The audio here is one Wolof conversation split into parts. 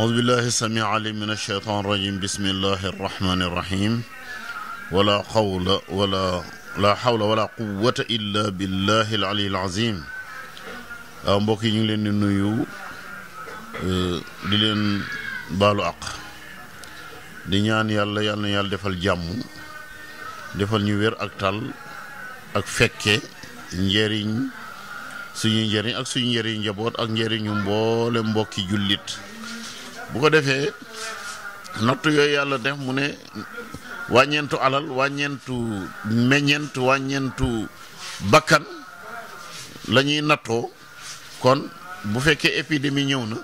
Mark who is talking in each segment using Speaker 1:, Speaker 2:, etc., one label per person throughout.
Speaker 1: أعوذ بالله السميع العليم من الشيطان الرجيم بسم الله الرحمن الرحيم ولا قول ولا لا حول ولا قوة إلا بالله العلي العظيم mbokk yi ñu ngi leen di nuyu di leen baalu di ñaan yàlla yàlla na defal jàmm defal ñu wér ak tal ak fekke njëriñ suñuy njëriñ ak suñu njëriñ njaboot ak njëriñu mboole mbokki jullit bu ko defee nattu yooyu yàlla def mu ne wàññeentu alal wàññeentu meññeent wàññeentu bakkan la ñuy nattoo kon bu fekkee épidémie ñëw na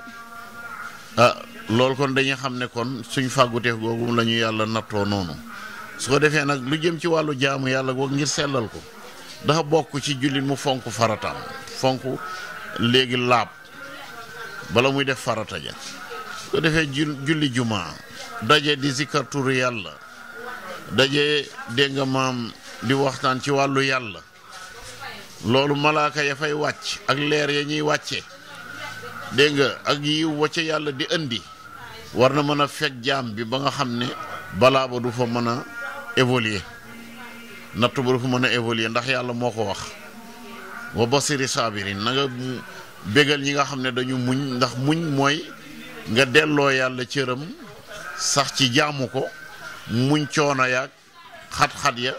Speaker 1: ah loolu kon dañuy xam ne kon suñ fàgguteef googu la ñu yàlla nattoo noonu su ko defee nag lu jëm ci wàllu jaamu yàlla goog ngir sellal ko dafa bokk ci jullit mu fonk farataam fonk léegi laab bala muy def farata ja ko defee julli juma daje di zikkar turu yàlla daje dégg nga maam di waxtaan ci wàllu yàlla loolu malaaka ya fay wàcc ak leer ya ñuy wàcce dégg nga ak yiw wacce yàlla di indi war na mën a fekk jaam bi ba nga xam ne balaa ba du fa mën a évoluer natt ba du fa mën a évoluer ndax yàlla moo ko wax wa basiri saabirin na nga bégal ñi nga xam ne dañu muñ ndax muñ mooy nga delloo yàlla cëram sax ci jaamu ko muñ coono yaag xat-xat ya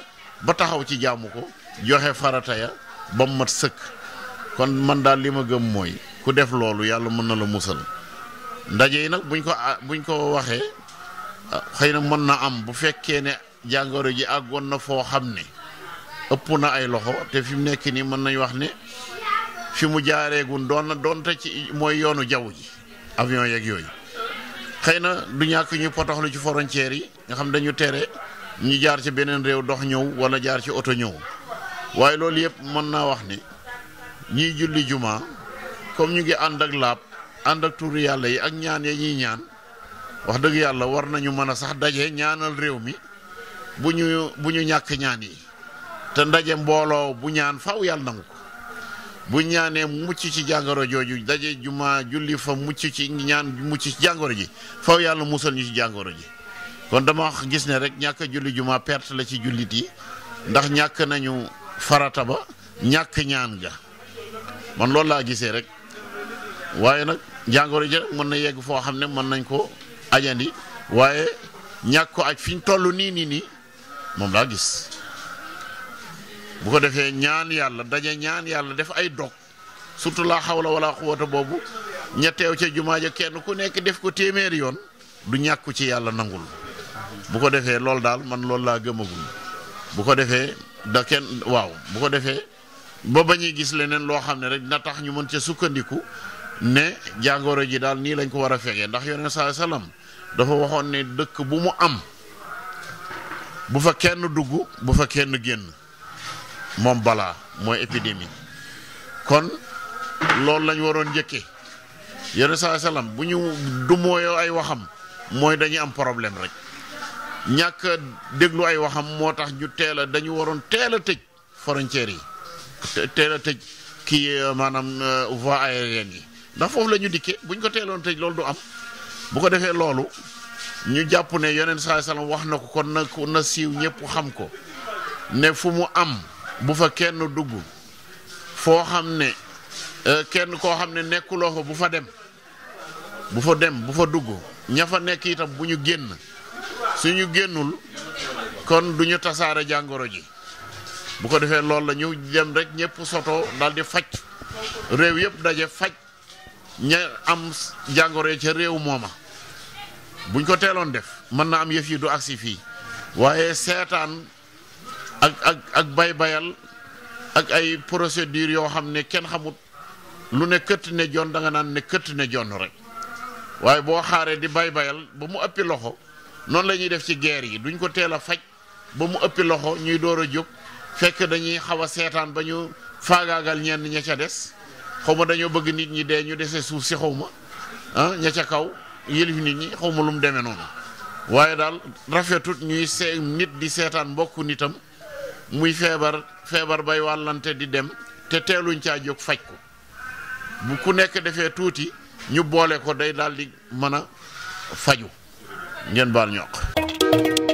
Speaker 1: ba taxaw ci jaamu ko joxe farata ya ba mu mat sëkk kon man daal li ma gëm mooy ku def loolu yàlla mën na la musal ndaje yi nag buñ ko buñ ko waxee xëy na mën na am bu fekkee ne jàngoro ji àggoon na foo xam ne ëpp na ay loxo te fi mu nekk nii mën nañ wax ne fi mu jaareegun doon doonte mooy yoonu jaww ji avion yeeg yooyu xëy na du ñàkk ñu potoxlu ci frontières yi nga xam dañu tere ñu jaar ci beneen réew dox ñëw wala jaar ci oto ñëw waaye loolu yëpp mën naa wax ni ñiy julli juma comme ñu ngi ànd ak laab ànd ak tuuru yàlla yi ak ñaan ya ñuy ñaan wax dëgg yàlla war nañu mën a sax daje ñaanal réew mi bu ñu bu ñu ñàkk ñaan yi te ndaje mbooloo bu ñaan faw yàlla nangu ko bu ñaanee mucc ci jàngoro jooju daje jumaa julli fa mucc ci ñaan mucc ci jàngoro ji faw yàlla musal ñu ci jàngoro ji kon dama gis ne rek ñàkk julli jumaa perte la ci jullit yi ndax ñàkk nañu farata ba ñàkk ñaan ga man loolu laa gisee rek waaye nag jàngoro ja rek mën na yegg foo xam ne mën nañ ko ajandi waaye ñàkk ko aj fi ñu toll nii nii nii moom laa gis bu ko defee ñaan yàlla daje ñaan yàlla def ay dog surtout laa xaw la wala xuwata boobu ña ca jumaa ja kenn ku nekk def ko téeméeri yoon du ñàkku ci yàlla nangul bu ko defee loolu daal man loolu laa gëmagul bu ko defee da kenn waaw bu ko defee ba ba ñuy gis leneen loo xam ne rek dina tax ñu mën ca sukkandiku ne jàngooro ji daal nii lañ ko war a fegee ndax yonent saa salaam dafa waxoon ne dëkk bu mu am bu fa kenn dugg bu fa kenn génn moom balaa mooy épidémie kon loolu lañ waroon njëkkee yone saa salaam bu ñu du mooyoo ay waxam mooy dañuy am problème rek ñàkk déglu ay waxam moo tax ñu teel a dañu waroon teel a tëj frontières yi teel a tëj kii euh, maanaam euh, voie aérienne yi ndax foofu lañu ñu bu buñ ko teeloon tëj loolu du am bu ko defee loolu ñu jàpp ne yoneen saa salaam wax na ko kon na na siiw ñëpp xam ko ne fu mu am bu fa kenn dugg foo xam ne euh, kenn koo xam ne nekkuloo fa bu fa dem bu fa dem bu fa dugg ña fa nekk itam bu ñu génn ñu génnul kon du ñu tasaare jàngoro ji bu ko defee loolu la ñu dem rek ñëpp soto daal di faj réew yëpp daje faj ña am jàngoro ca réew mooma buñ ko teeloon def mën na am yëf yi du agsi fii waaye seetaan ak ak bay-bayal ak ay procédure yoo xam ne kenn xamut lu ne këtt ne jon da nga naan ne këtt ne jon rek waaye boo xaaree di bay-bayal ba mu ëppi loxo noonu la ñuy def ci guerre yi duñ ko teel a faj ba mu ëppi loxo ñuy door a jóg fekk dañuy xaw a seetaan ba ñu faagaagal ñeen ña ca des xaw dañoo bëgg nit ñi dee ñu dese suuf si xaw ma ah ña ca kaw yëlif nit ñi xaw ma lu mu demee noonu waaye daal rafetut ñuy see nit di seetaan mbokku nitam. muy feebar feebar bay wàllante di dem te teeluñ caa jóg faj ko ku nekk defee tuuti ñu boole ko day daal di mën a faju ngeen baal ñoq